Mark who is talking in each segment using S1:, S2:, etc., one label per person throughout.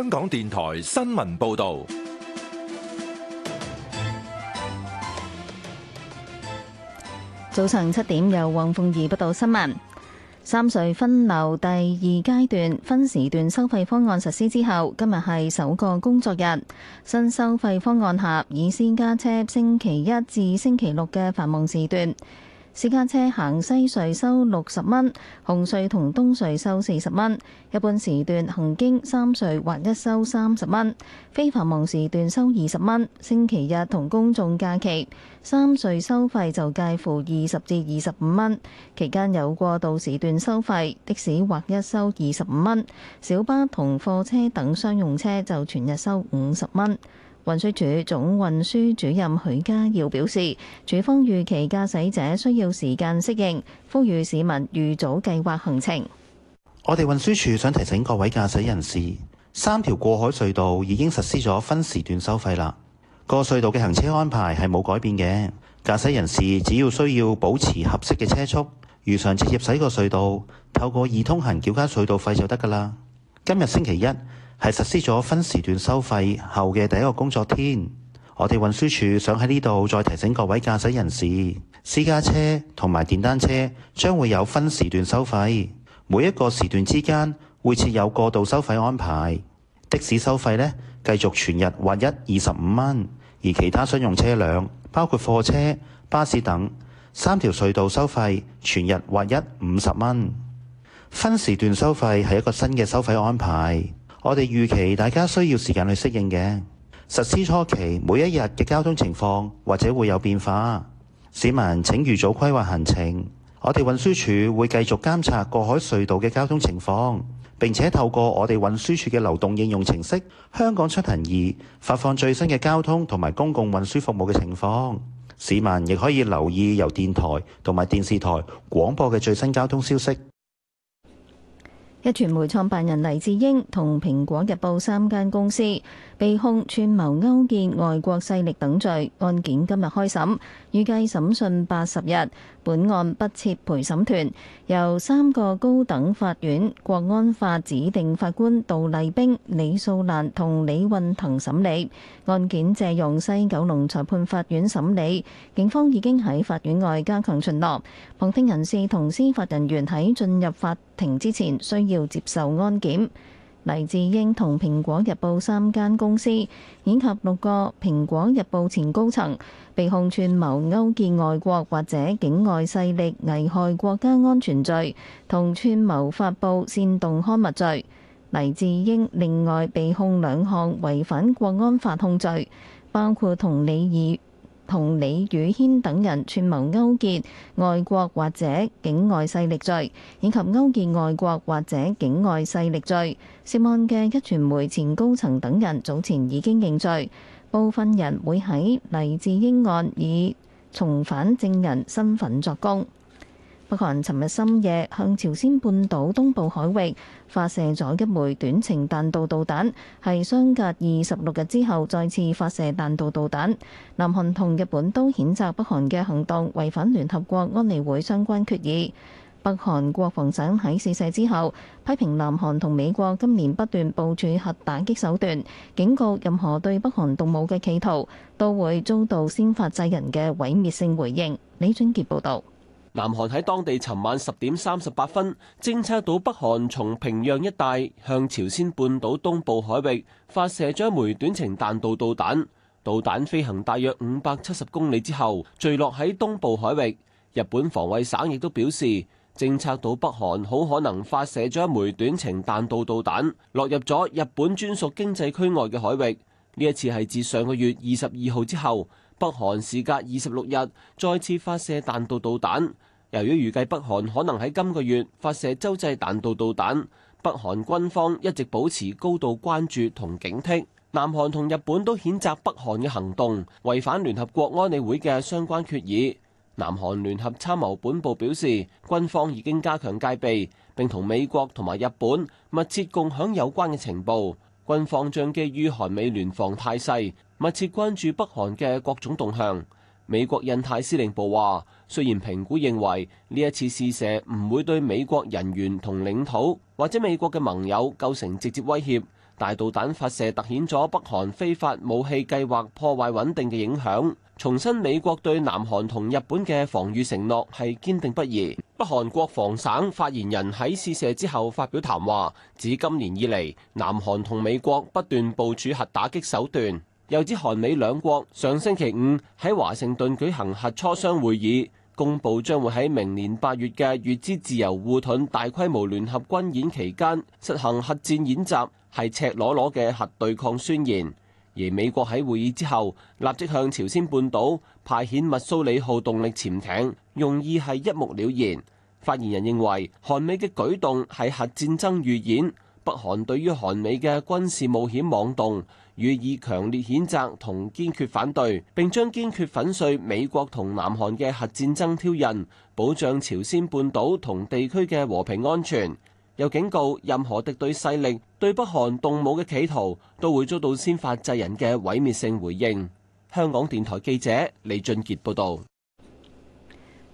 S1: 香港電台新聞報道，
S2: 早晨七點由黃鳳儀報道新聞。三隧分流第二階段分時段收費方案實施之後，今日係首個工作日。新收費方案下，以私家車星期一至星期六嘅繁忙時段。私家車行西隧收六十蚊，紅隧同東隧收四十蚊。一般時段行經三隧或一收三十蚊，非繁忙時段收二十蚊。星期日同公眾假期三隧收費就介乎二十至二十五蚊。期間有過渡時段收費，的士或一收二十五蚊，小巴同貨車等商用車就全日收五十蚊。運輸署總運輸主任許家耀表示，署方預期駕駛者需要時間適應，呼籲市民預早計劃行
S3: 程。我哋運輸署想提醒各位駕駛人士，三條過海隧道已經實施咗分時段收費啦。個隧道嘅行車安排係冇改變嘅，駕駛人士只要需要保持合適嘅車速，如常直接駛過隧道，透過易通行繳交隧道費就得噶啦。今日星期一。係實施咗分時段收費後嘅第一個工作天，我哋運輸署想喺呢度再提醒各位駕駛人士，私家車同埋電單車將會有分時段收費，每一個時段之間會設有過渡收費安排。的士收費呢，繼續全日劃一二十五蚊，而其他商用車輛包括貨車、巴士等，三條隧道收費全日劃一五十蚊。分時段收費係一個新嘅收費安排。我哋預期大家需要時間去適應嘅實施初期，每一日嘅交通情況或者會有變化。市民請預早規劃行程。我哋運輸署會繼續監察過海隧道嘅交通情況，並且透過我哋運輸署嘅流動應用程式《香港出行易》發放最新嘅交通同埋公共運輸服務嘅情況。市民亦可以留意由電台同埋電視台廣播嘅最新交通消息。
S2: 一傳媒創辦人黎智英同蘋果日報三間公司。被控串謀勾結外國勢力等罪，案件今日開審，預計審訊八十日。本案不設陪審團，由三個高等法院國安法指定法官杜麗冰、李素蘭同李運騰審理。案件借用西九龍裁判法院審理，警方已經喺法院外加強巡邏，旁聽人士同司法人員喺進入法庭之前需要接受安檢。黎智英同《蘋果日報》三間公司，以及六個《蘋果日報》前高層，被控串謀勾結外國或者境外勢力危害國家安全罪，同串謀發布煽動刊物罪。黎智英另外被控兩項違反國安法控罪，包括同李耳。同李宇軒等人串謀勾結外國或者境外勢力罪，以及勾結外國或者境外勢力罪，涉案嘅壹傳媒前高層等人早前已經認罪，部分人會喺黎智英案以從犯證人身份作供。北韓尋日深夜向朝鮮半島東部海域發射咗一枚短程彈道導彈，係相隔二十六日之後再次發射彈道導彈。南韓同日本都譴責北韓嘅行動違反聯合國安理會相關決議。北韓國防省喺試射之後批評南韓同美國今年不斷部署核打擊手段，警告任何對北韓動武嘅企圖都會遭到先發制人嘅毀滅性回應。李俊傑報導。
S1: 南韓喺當地尋晚十點三十八分偵測到北韓從平壤一帶向朝鮮半島東部海域發射咗一枚短程彈道導彈，導彈飛行大約五百七十公里之後，墜落喺東部海域。日本防衛省亦都表示，偵測到北韓好可能發射咗一枚短程彈道導彈，落入咗日本專屬經濟區外嘅海域。呢一次係自上個月二十二號之後。北韓時隔二十六日再次發射彈道導彈，由於預計北韓可能喺今個月發射洲際彈道導彈，北韓軍方一直保持高度關注同警惕。南韓同日本都譴責北韓嘅行動，違反聯合國安理會嘅相關決議。南韓聯合參謀本部表示，軍方已經加強戒備，並同美國同埋日本密切共享有關嘅情報。軍方將基於韓美聯防態勢。密切關注北韓嘅各種動向。美國印太司令部話，雖然評估認為呢一次試射唔會對美國人員同領土或者美國嘅盟友構成直接威脅，大導彈發射突顯咗北韓非法武器計劃破壞穩定嘅影響，重申美國對南韓同日本嘅防禦承諾係堅定不移。北韓國防省發言人喺試射之後發表談話，指今年以嚟，南韓同美國不斷部署核打擊手段。又指韓美兩國上星期五喺華盛頓舉行核磋商會議，公佈將會喺明年八月嘅乙支自由護盾大規模聯合軍演期間實行核戰演習，係赤裸裸嘅核對抗宣言。而美國喺會議之後立即向朝鮮半島派遣密蘇里號動力潛艇，用意係一目了然。發言人認為韓美嘅舉動係核戰爭預演，北韓對於韓美嘅軍事冒險妄動。予以強烈譴責同堅決反對，並將堅決粉碎美國同南韓嘅核戰爭挑釁，保障朝鮮半島同地區嘅和平安全。又警告任何敵對勢力對北韓動武嘅企圖，都會遭到先發制人嘅毀滅性回應。香港電台記者李俊傑報道，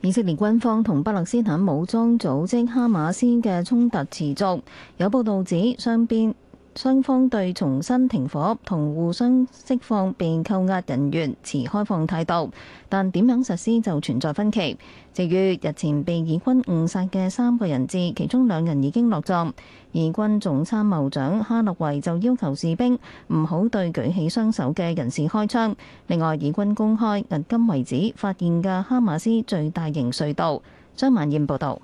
S2: 以色列軍方同巴勒斯坦武裝組織哈馬斯嘅衝突持續，有報道指雙邊。雙方對重新停火同互相釋放被扣押人員持開放態度，但點樣實施就存在分歧。至於日前被以軍誤殺嘅三個人質，其中兩人已經落葬。以軍總參謀長哈洛維就要求士兵唔好對舉起雙手嘅人士開槍。另外，以軍公開，至今為止發現嘅哈馬斯最大型隧道。張曼燕報道。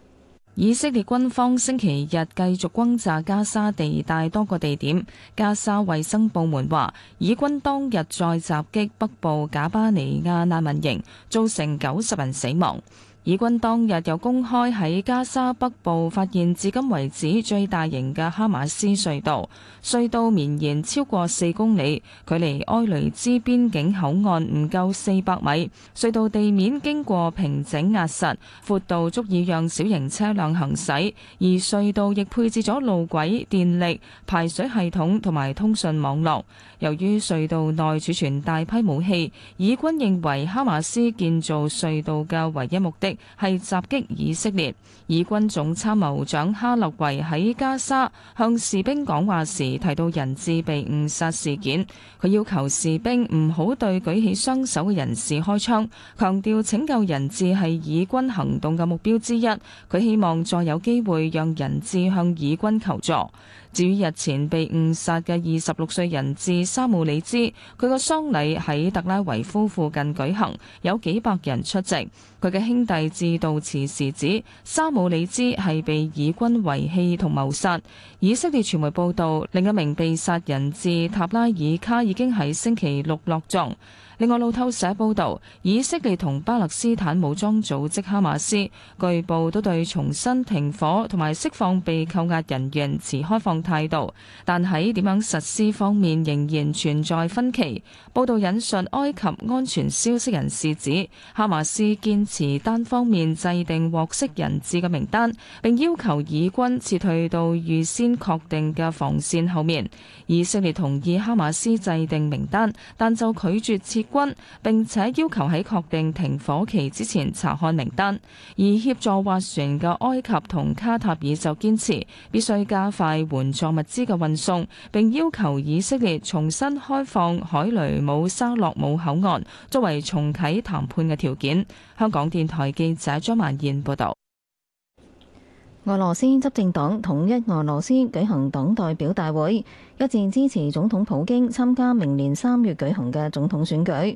S2: 以色列軍方
S4: 星期日繼續轟炸加沙地帶多個地點。加沙衛生部門話，以軍當日再襲擊北部賈巴尼亞難民營，造成九十人死亡。以軍當日又公開喺加沙北部發現至今為止最大型嘅哈馬斯隧道，隧道，隧道綿延超過四公里，距離埃雷茲邊境口岸唔夠四百米。隧道地面經過平整壓實，闊度足以讓小型車輛行駛，而隧道亦配置咗路軌、電力、排水系統同埋通訊網絡。由於隧道內儲存大批武器，以軍認為哈馬斯建造隧道嘅唯一目的，係襲擊以色列，以軍總參謀長哈立維喺加沙向士兵講話時提到人質被誤殺事件，佢要求士兵唔好對舉起雙手嘅人士開槍，強調拯救人質係以軍行動嘅目標之一。佢希望再有機會讓人質向以軍求助。至於日前被誤殺嘅二十六歲人質沙姆里茲，佢個喪禮喺特拉維夫附近舉行，有幾百人出席。佢嘅兄弟致悼詞時指，沙姆里茲係被以軍遺棄同謀殺。以色列傳媒報道，另一名被殺人質塔拉爾卡已經喺星期六落葬。另外路透社報道，以色列同巴勒斯坦武裝組織哈馬斯據報都對重新停火同埋釋放被扣押人員持開放態度，但喺點樣實施方面仍然存在分歧。報道引述埃及安全消息人士指，哈馬斯堅持單方面制定獲釋人質嘅名單，並要求以軍撤退到預先確定嘅防線後面。以色列同意哈馬斯制定名單，但就拒絕撤。軍，並且要求喺確定停火期之前查看名單。而協助划船嘅埃及同卡塔爾就堅持必須加快援助物資嘅運送，並要求以色列重新開放海雷姆沙洛姆口岸，作為重啟談判嘅條件。香港電台記者張曼燕報道。
S2: 俄羅斯執政黨統一俄羅斯舉行黨代表大會，一致支持總統普京參加明年三月舉行嘅總統選舉。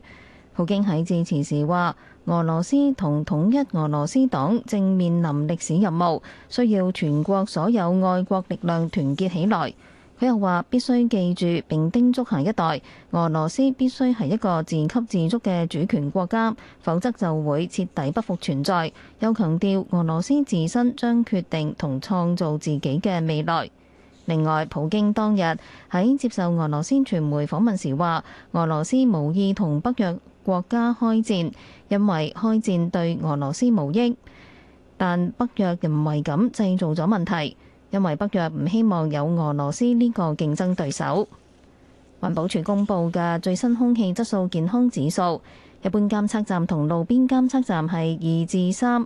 S2: 普京喺致辭時話：俄羅斯同統一俄羅斯黨正面臨歷史任務，需要全國所有愛國力量團結起來。他又話必須記住並叮囑下一代，俄羅斯必須係一個自給自足嘅主權國家，否則就會徹底不復存在。又強調俄羅斯自身將決定同創造自己嘅未來。另外，普京當日喺接受俄羅斯傳媒訪問時話，俄羅斯無意同北約國家開戰，因為開戰對俄羅斯無益，但北約人為咁製造咗問題。因為北約唔希望有俄羅斯呢個競爭對手。環保署公布嘅最新空氣質素健康指數，一般監測站同路邊監測站係二至三，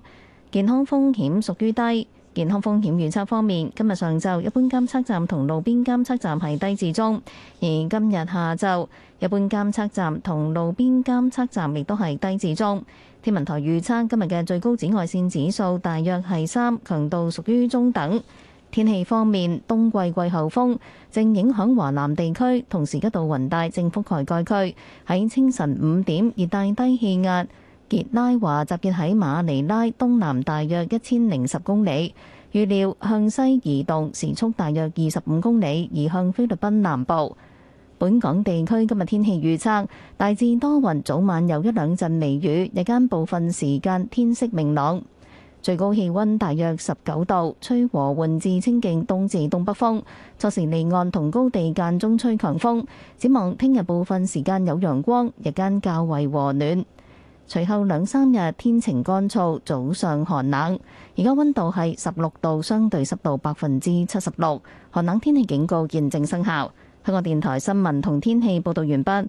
S2: 健康風險屬於低。健康風險預測方面，今日上晝一般監測站同路邊監測站係低至中，而今日下晝一般監測站同路邊監測站亦都係低至中。天文台預測今日嘅最高紫外線指數大約係三，強度屬於中等。天氣方面，冬季季候風正影響華南地區，同時一道雲帶正覆蓋該區。喺清晨五點，熱帶低氣壓杰拉華集結喺馬尼拉東南大約一千零十公里，預料向西移動，時速大約二十五公里，移向菲律賓南部。本港地區今日天，天氣預測大致多雲，早晚有一兩陣微雨，日間部分時間天色明朗。最高氣溫大約十九度，吹和緩至清勁東至東北風。初時離岸同高地間中吹強風。展望聽日部分時間有陽光，日間較為和暖。隨後兩三日天晴乾燥，早上寒冷。而家溫度係十六度，相對濕度百分之七十六。寒冷天氣警告現正生效。香港電台新聞同天氣報道完畢。